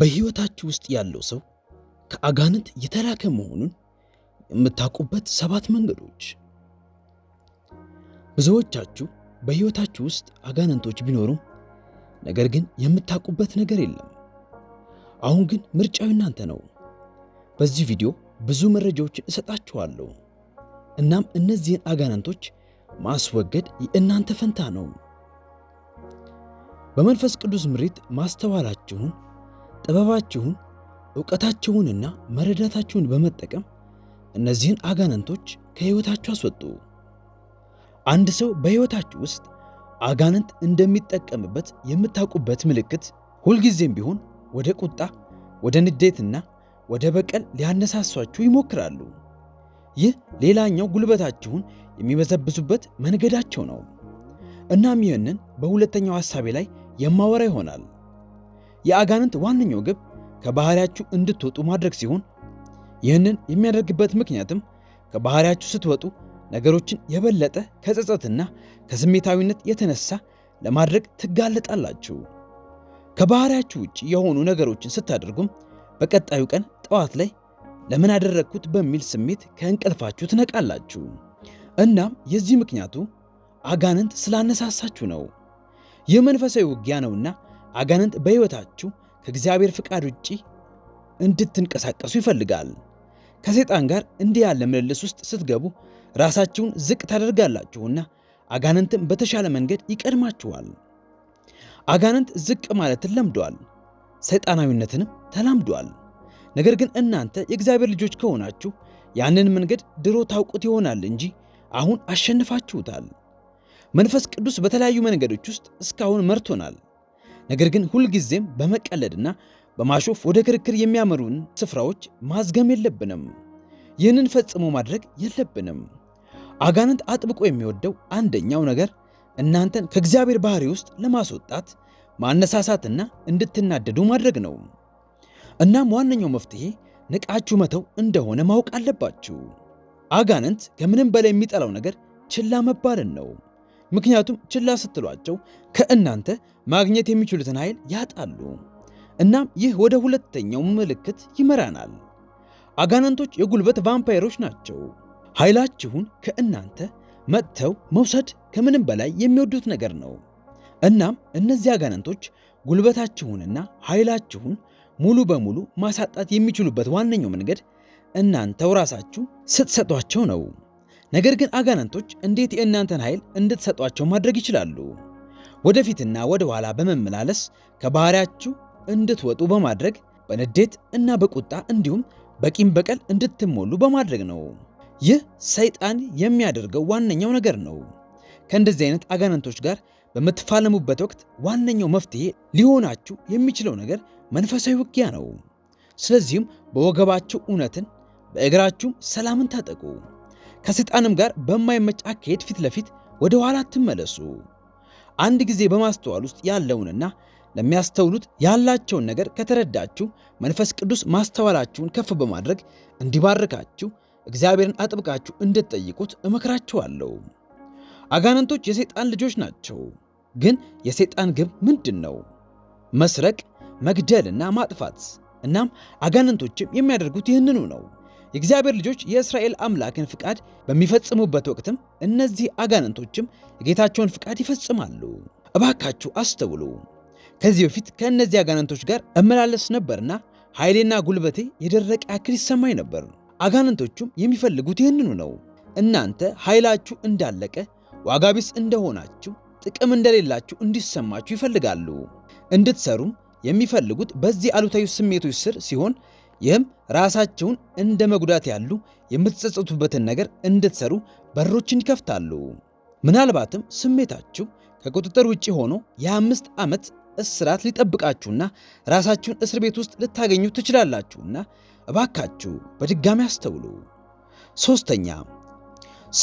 በህይወታችሁ ውስጥ ያለው ሰው ከአጋንንት የተላከ መሆኑን የምታውቁበት ሰባት መንገዶች። ብዙዎቻችሁ በህይወታችሁ ውስጥ አጋንንቶች ቢኖሩም ነገር ግን የምታውቁበት ነገር የለም። አሁን ግን ምርጫው እናንተ ነው። በዚህ ቪዲዮ ብዙ መረጃዎችን እሰጣችኋለሁ። እናም እነዚህን አጋንንቶች ማስወገድ የእናንተ ፈንታ ነው። በመንፈስ ቅዱስ ምሪት ማስተዋላችሁን ጥበባችሁን እውቀታችሁንና መረዳታችሁን በመጠቀም እነዚህን አጋንንቶች ከሕይወታችሁ አስወጡ። አንድ ሰው በሕይወታችሁ ውስጥ አጋንንት እንደሚጠቀምበት የምታውቁበት ምልክት ሁልጊዜም ቢሆን ወደ ቁጣ፣ ወደ ንዴትና ወደ በቀል ሊያነሳሷችሁ ይሞክራሉ። ይህ ሌላኛው ጉልበታችሁን የሚበዘብዙበት መንገዳቸው ነው። እናም ይህንን በሁለተኛው ሐሳቤ ላይ የማወራ ይሆናል። የአጋንንት ዋነኛው ግብ ከባህሪያችሁ እንድትወጡ ማድረግ ሲሆን ይህንን የሚያደርግበት ምክንያትም ከባህሪያችሁ ስትወጡ ነገሮችን የበለጠ ከጸጸትና ከስሜታዊነት የተነሳ ለማድረግ ትጋለጣላችሁ። ከባህሪያችሁ ውጭ የሆኑ ነገሮችን ስታደርጉም በቀጣዩ ቀን ጠዋት ላይ ለምን አደረግኩት በሚል ስሜት ከእንቅልፋችሁ ትነቃላችሁ። እናም የዚህ ምክንያቱ አጋንንት ስላነሳሳችሁ ነው። ይህ መንፈሳዊ ውጊያ ነውና አጋንንት በሕይወታችሁ ከእግዚአብሔር ፍቃድ ውጪ እንድትንቀሳቀሱ ይፈልጋል። ከሰይጣን ጋር እንዲህ ያለ ምልልስ ውስጥ ስትገቡ ራሳችሁን ዝቅ ታደርጋላችሁና አጋንንትም በተሻለ መንገድ ይቀድማችኋል። አጋንንት ዝቅ ማለትን ለምዷል፣ ሰይጣናዊነትንም ተላምዷል። ነገር ግን እናንተ የእግዚአብሔር ልጆች ከሆናችሁ ያንን መንገድ ድሮ ታውቁት ይሆናል እንጂ አሁን አሸንፋችሁታል። መንፈስ ቅዱስ በተለያዩ መንገዶች ውስጥ እስካሁን መርቶናል። ነገር ግን ሁልጊዜም በመቀለድና በማሾፍ ወደ ክርክር የሚያመሩን ስፍራዎች ማዝገም የለብንም። ይህንን ፈጽሞ ማድረግ የለብንም። አጋንንት አጥብቆ የሚወደው አንደኛው ነገር እናንተን ከእግዚአብሔር ባህሪ ውስጥ ለማስወጣት ማነሳሳትና እንድትናደዱ ማድረግ ነው። እናም ዋነኛው መፍትሄ ንቃችሁ መተው እንደሆነ ማወቅ አለባችሁ። አጋንንት ከምንም በላይ የሚጠላው ነገር ችላ መባልን ነው። ምክንያቱም ችላ ስትሏቸው ከእናንተ ማግኘት የሚችሉትን ኃይል ያጣሉ። እናም ይህ ወደ ሁለተኛው ምልክት ይመራናል። አጋንንቶች የጉልበት ቫምፓይሮች ናቸው። ኃይላችሁን ከእናንተ መጥተው መውሰድ ከምንም በላይ የሚወዱት ነገር ነው። እናም እነዚህ አጋንንቶች ጉልበታችሁንና ኃይላችሁን ሙሉ በሙሉ ማሳጣት የሚችሉበት ዋነኛው መንገድ እናንተው ራሳችሁ ስትሰጧቸው ነው። ነገር ግን አጋንንቶች እንዴት የእናንተን ኃይል እንድትሰጧቸው ማድረግ ይችላሉ? ወደፊትና ወደ ኋላ በመመላለስ ከባህሪያችሁ እንድትወጡ በማድረግ በንዴት እና በቁጣ እንዲሁም በቂም በቀል እንድትሞሉ በማድረግ ነው። ይህ ሰይጣን የሚያደርገው ዋነኛው ነገር ነው። ከእንደዚህ አይነት አጋንንቶች ጋር በምትፋለሙበት ወቅት ዋነኛው መፍትሄ ሊሆናችሁ የሚችለው ነገር መንፈሳዊ ውጊያ ነው። ስለዚህም በወገባችሁ እውነትን፣ በእግራችሁም ሰላምን ታጠቁ። ከሰይጣንም ጋር በማይመች አካሄድ ፊት ለፊት ወደ ኋላ አትመለሱ። አንድ ጊዜ በማስተዋል ውስጥ ያለውንና ለሚያስተውሉት ያላቸውን ነገር ከተረዳችሁ መንፈስ ቅዱስ ማስተዋላችሁን ከፍ በማድረግ እንዲባርካችሁ እግዚአብሔርን አጥብቃችሁ እንድትጠይቁት እመክራችኋለሁ። አጋንንቶች የሰይጣን ልጆች ናቸው። ግን የሰይጣን ግብ ምንድን ነው? መስረቅ፣ መግደልና ማጥፋት። እናም አጋንንቶችም የሚያደርጉት ይህንኑ ነው። የእግዚአብሔር ልጆች የእስራኤል አምላክን ፍቃድ በሚፈጽሙበት ወቅትም እነዚህ አጋንንቶችም የጌታቸውን ፍቃድ ይፈጽማሉ። እባካችሁ አስተውሉ። ከዚህ በፊት ከእነዚህ አጋንንቶች ጋር እመላለስ ነበርና ኃይሌና ጉልበቴ የደረቀ ያክል ይሰማኝ ነበር። አጋንንቶቹም የሚፈልጉት ይህንኑ ነው። እናንተ ኃይላችሁ እንዳለቀ፣ ዋጋ ቢስ እንደሆናችሁ፣ ጥቅም እንደሌላችሁ እንዲሰማችሁ ይፈልጋሉ። እንድትሰሩም የሚፈልጉት በዚህ አሉታዊ ስሜቶች ስር ሲሆን ይህም ራሳቸውን እንደ መጉዳት ያሉ የምትጸጸቱበትን ነገር እንድትሰሩ በሮችን ይከፍታሉ። ምናልባትም ስሜታችሁ ከቁጥጥር ውጭ ሆኖ የአምስት ዓመት እስራት ሊጠብቃችሁና ራሳችሁን እስር ቤት ውስጥ ልታገኙ ትችላላችሁና እባካችሁ በድጋሚ አስተውሉ። ሶስተኛ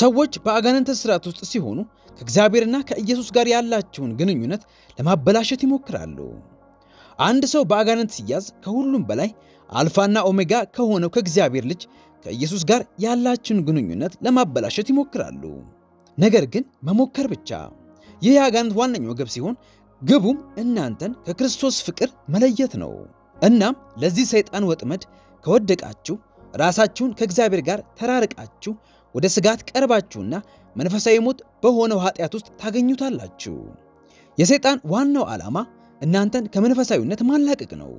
ሰዎች በአጋንንት እስራት ውስጥ ሲሆኑ ከእግዚአብሔርና ከኢየሱስ ጋር ያላቸውን ግንኙነት ለማበላሸት ይሞክራሉ። አንድ ሰው በአጋንንት ሲያዝ ከሁሉም በላይ አልፋና ኦሜጋ ከሆነው ከእግዚአብሔር ልጅ ከኢየሱስ ጋር ያላችን ግንኙነት ለማበላሸት ይሞክራሉ። ነገር ግን መሞከር ብቻ። ይህ የአጋንንት ዋነኛው ግብ ሲሆን ግቡም እናንተን ከክርስቶስ ፍቅር መለየት ነው። እናም ለዚህ ሰይጣን ወጥመድ ከወደቃችሁ ራሳችሁን ከእግዚአብሔር ጋር ተራርቃችሁ ወደ ስጋት ቀርባችሁና መንፈሳዊ ሞት በሆነው ኃጢአት ውስጥ ታገኙታላችሁ። የሰይጣን ዋናው ዓላማ እናንተን ከመንፈሳዊነት ማላቀቅ ነው።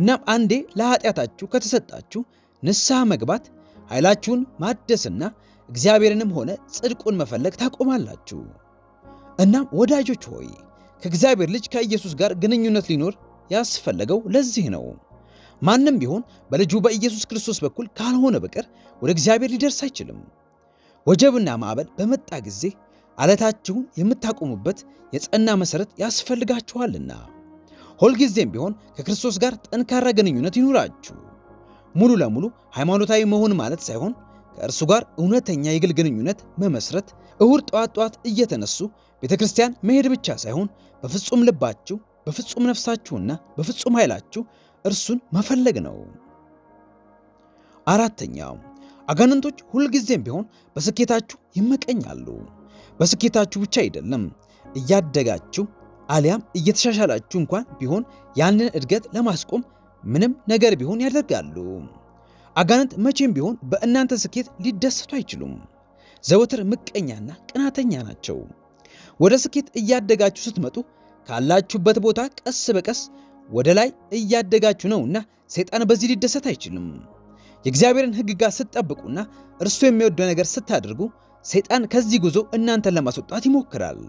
እናም አንዴ ለኃጢአታችሁ ከተሰጣችሁ ንስሐ መግባት ኃይላችሁን ማደስና እግዚአብሔርንም ሆነ ጽድቁን መፈለግ ታቆማላችሁ። እናም ወዳጆች ሆይ ከእግዚአብሔር ልጅ ከኢየሱስ ጋር ግንኙነት ሊኖር ያስፈለገው ለዚህ ነው። ማንም ቢሆን በልጁ በኢየሱስ ክርስቶስ በኩል ካልሆነ በቀር ወደ እግዚአብሔር ሊደርስ አይችልም። ወጀብና ማዕበል በመጣ ጊዜ ዓለታችሁን የምታቆሙበት የጸና መሠረት ያስፈልጋችኋልና ሁልጊዜም ቢሆን ከክርስቶስ ጋር ጠንካራ ግንኙነት ይኑራችሁ። ሙሉ ለሙሉ ሃይማኖታዊ መሆን ማለት ሳይሆን ከእርሱ ጋር እውነተኛ የግል ግንኙነት መመስረት፣ እሁድ ጠዋት ጠዋት እየተነሱ ቤተ ክርስቲያን መሄድ ብቻ ሳይሆን በፍጹም ልባችሁ፣ በፍጹም ነፍሳችሁና በፍጹም ኃይላችሁ እርሱን መፈለግ ነው። አራተኛው አጋንንቶች ሁልጊዜም ቢሆን በስኬታችሁ ይመቀኛሉ። በስኬታችሁ ብቻ አይደለም፣ እያደጋችሁ አሊያም እየተሻሻላችሁ እንኳን ቢሆን ያንን እድገት ለማስቆም ምንም ነገር ቢሆን ያደርጋሉ። አጋንንት መቼም ቢሆን በእናንተ ስኬት ሊደሰቱ አይችሉም። ዘወትር ምቀኛና ቅናተኛ ናቸው። ወደ ስኬት እያደጋችሁ ስትመጡ ካላችሁበት ቦታ ቀስ በቀስ ወደ ላይ እያደጋችሁ ነውና ሰይጣን በዚህ ሊደሰት አይችልም። የእግዚአብሔርን ሕግጋት ስትጠብቁና እርሱ የሚወደው ነገር ስታደርጉ ሰይጣን ከዚህ ጉዞ እናንተን ለማስወጣት ይሞክራል።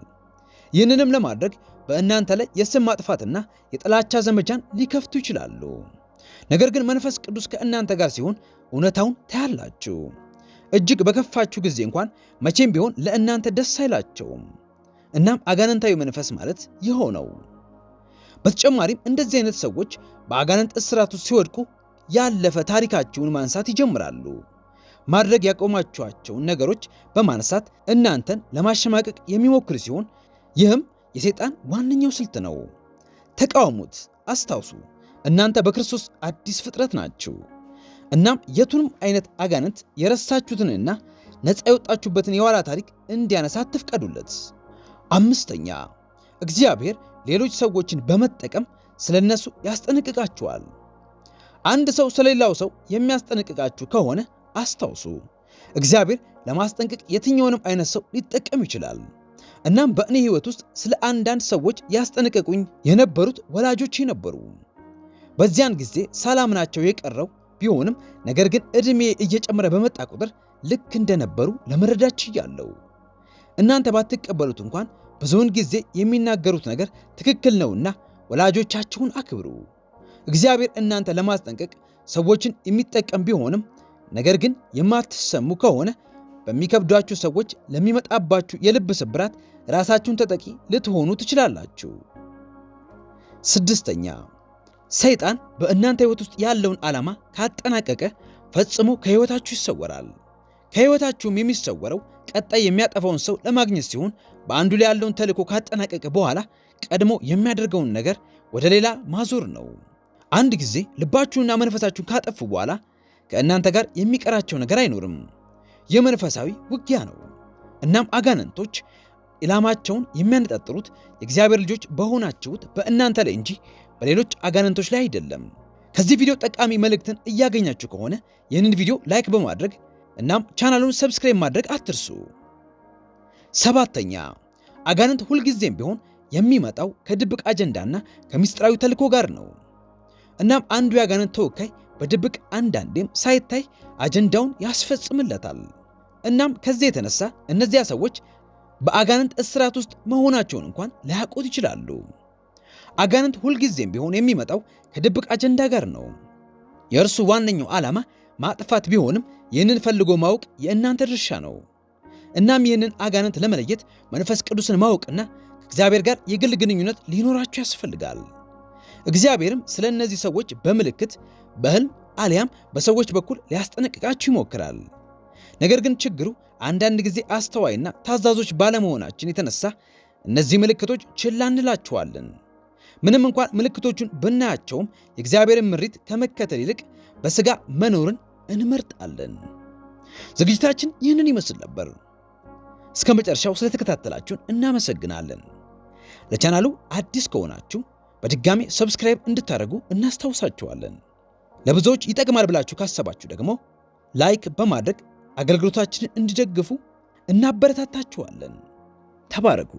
ይህንንም ለማድረግ በእናንተ ላይ የስም ማጥፋትና የጥላቻ ዘመቻን ሊከፍቱ ይችላሉ። ነገር ግን መንፈስ ቅዱስ ከእናንተ ጋር ሲሆን እውነታውን ታያላችሁ። እጅግ በከፋችሁ ጊዜ እንኳን መቼም ቢሆን ለእናንተ ደስ አይላቸውም። እናም አጋንንታዊ መንፈስ ማለት ይሆነው በተጨማሪም እንደዚህ አይነት ሰዎች በአጋንንት ውስጥ ሲወድቁ ያለፈ ታሪካችሁን ማንሳት ይጀምራሉ። ማድረግ ያቆማችኋቸውን ነገሮች በማንሳት እናንተን ለማሸማቀቅ የሚሞክር ሲሆን ይህም የሰይጣን ዋነኛው ስልት ነው። ተቃውሙት። አስታውሱ እናንተ በክርስቶስ አዲስ ፍጥረት ናችሁ። እናም የቱንም አይነት አጋንንት የረሳችሁትንና ነፃ የወጣችሁበትን የኋላ ታሪክ እንዲያነሳ አትፍቀዱለት። አምስተኛ እግዚአብሔር ሌሎች ሰዎችን በመጠቀም ስለ እነሱ ያስጠነቅቃችኋል። አንድ ሰው ስለሌላው ሰው የሚያስጠነቅቃችሁ ከሆነ አስታውሱ፣ እግዚአብሔር ለማስጠንቀቅ የትኛውንም አይነት ሰው ሊጠቀም ይችላል። እናም በእኔ ህይወት ውስጥ ስለ አንዳንድ ሰዎች ያስጠነቀቁኝ የነበሩት ወላጆቼ ነበሩ። በዚያን ጊዜ ሳላምናቸው የቀረው ቢሆንም ነገር ግን እድሜ እየጨመረ በመጣ ቁጥር ልክ እንደነበሩ ለመረዳት ችያለሁ። እናንተ ባትቀበሉት እንኳን ብዙውን ጊዜ የሚናገሩት ነገር ትክክል ነውና ወላጆቻችሁን አክብሩ። እግዚአብሔር እናንተ ለማስጠንቀቅ ሰዎችን የሚጠቀም ቢሆንም ነገር ግን የማትሰሙ ከሆነ በሚከብዷችሁ ሰዎች ለሚመጣባችሁ የልብ ስብራት ራሳችሁን ተጠቂ ልትሆኑ ትችላላችሁ። ስድስተኛ ሰይጣን በእናንተ ሕይወት ውስጥ ያለውን ዓላማ ካጠናቀቀ ፈጽሞ ከሕይወታችሁ ይሰወራል። ከሕይወታችሁም የሚሰወረው ቀጣይ የሚያጠፋውን ሰው ለማግኘት ሲሆን በአንዱ ላይ ያለውን ተልዕኮ ካጠናቀቀ በኋላ ቀድሞ የሚያደርገውን ነገር ወደ ሌላ ማዞር ነው። አንድ ጊዜ ልባችሁንና መንፈሳችሁን ካጠፉ በኋላ ከእናንተ ጋር የሚቀራቸው ነገር አይኖርም። የመንፈሳዊ ውጊያ ነው። እናም አጋንንቶች ኢላማቸውን የሚያነጣጥሩት የእግዚአብሔር ልጆች በሆናችሁት በእናንተ ላይ እንጂ በሌሎች አጋንንቶች ላይ አይደለም። ከዚህ ቪዲዮ ጠቃሚ መልእክትን እያገኛችሁ ከሆነ ይህንን ቪዲዮ ላይክ በማድረግ እናም ቻናሉን ሰብስክራይብ ማድረግ አትርሱ። ሰባተኛ አጋንንት ሁልጊዜም ቢሆን የሚመጣው ከድብቅ አጀንዳና ከሚስጥራዊ ተልእኮ ጋር ነው። እናም አንዱ የአጋንንት ተወካይ በድብቅ አንዳንዴም ሳይታይ አጀንዳውን ያስፈጽምለታል። እናም ከዚህ የተነሳ እነዚያ ሰዎች በአጋንንት እስራት ውስጥ መሆናቸውን እንኳን ላያውቁት ይችላሉ። አጋንንት ሁልጊዜም ቢሆን የሚመጣው ከድብቅ አጀንዳ ጋር ነው። የእርሱ ዋነኛው ዓላማ ማጥፋት ቢሆንም ይህንን ፈልጎ ማወቅ የእናንተ ድርሻ ነው። እናም ይህንን አጋንንት ለመለየት መንፈስ ቅዱስን ማወቅና ከእግዚአብሔር ጋር የግል ግንኙነት ሊኖራችሁ ያስፈልጋል። እግዚአብሔርም ስለ እነዚህ ሰዎች በምልክት በሕልም አሊያም በሰዎች በኩል ሊያስጠነቅቃችሁ ይሞክራል። ነገር ግን ችግሩ አንዳንድ ጊዜ አስተዋይና ታዛዞች ባለመሆናችን የተነሳ እነዚህ ምልክቶች ችላ እንላቸዋለን። ምንም እንኳን ምልክቶቹን ብናያቸውም የእግዚአብሔርን ምሪት ከመከተል ይልቅ በሥጋ መኖርን እንመርጣለን። ዝግጅታችን ይህንን ይመስል ነበር። እስከ መጨረሻው ስለተከታተላችሁን እናመሰግናለን። ለቻናሉ አዲስ ከሆናችሁ በድጋሚ ሰብስክራይብ እንድታደርጉ እናስታውሳችኋለን። ለብዙዎች ይጠቅማል ብላችሁ ካሰባችሁ ደግሞ ላይክ በማድረግ አገልግሎታችንን እንዲደግፉ እናበረታታችኋለን። ተባረኩ።